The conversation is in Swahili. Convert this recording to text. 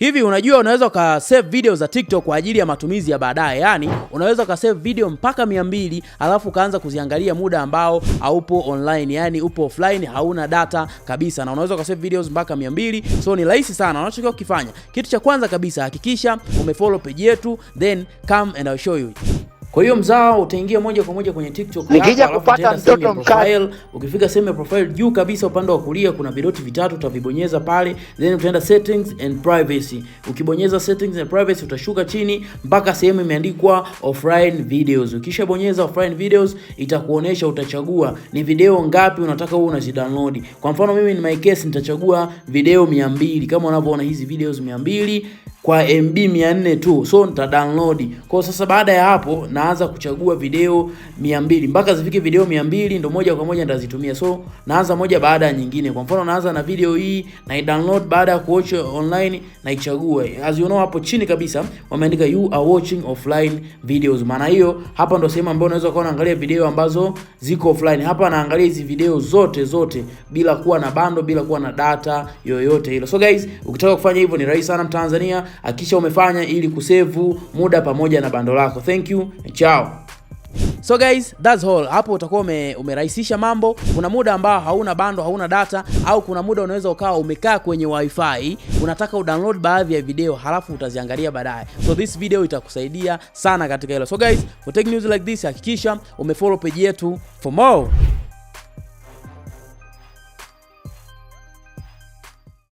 Hivi unajua unaweza ka save video za TikTok kwa ajili ya matumizi ya baadaye. Yaani unaweza ka save video mpaka mbili alafu ukaanza kuziangalia muda ambao haupo online, yaani upo offline, hauna data kabisa na unaweza ka save videos mpaka mbili. So ni rahisi sana. Unachotakiwa kukifanya, kitu cha kwanza kabisa hakikisha umefollow page yetu then come and I'll show you. Kwa hiyo mzao utaingia moja kwa moja kwenye TikTok. Nikija kupata mtoto mkali, ukifika sehemu ya profile juu kabisa upande wa kulia kuna vidoti vitatu utavibonyeza pale, then utaenda settings and privacy. Ukibonyeza settings and privacy utashuka chini mpaka sehemu imeandikwa offline videos. Ukishabonyeza offline videos itakuonesha, utachagua ni video ngapi unataka wewe unazidownload. Kwa mfano mimi in my case nitachagua video 200 kama unavyoona hizi videos 200 kwa MB 400 tu, so nita download. Kwa sasa baada ya hapo naanza kuchagua video 200 mpaka zifike video 200 ndo moja kwa moja nitazitumia. So naanza moja baada ya nyingine. Kwa mfano naanza na video hii na i download, baada ya kuwatch online na ichague. As you know, hapo chini kabisa wameandika you are watching offline videos. Maana hiyo hapa ndo sehemu ambayo unaweza kuona angalia video ambazo ziko offline. Hapa naangalia hizi video zote zote bila kuwa na bando, bila kuwa na data yoyote ile. So guys, ukitaka kufanya hivyo ni rahisi sana Mtanzania hakikisha umefanya ili kusevu muda pamoja na bando lako. Thank you and So guys, that's all. Hapo utakuwa ume, umerahisisha mambo. Kuna muda ambao hauna bando, hauna data au kuna muda unaweza ukawa umekaa kwenye wifi, unataka udownload baadhi ya video halafu utaziangalia baadaye. So this video itakusaidia sana katika hilo. So guys, for tech news like this hakikisha umefollow page yetu for more.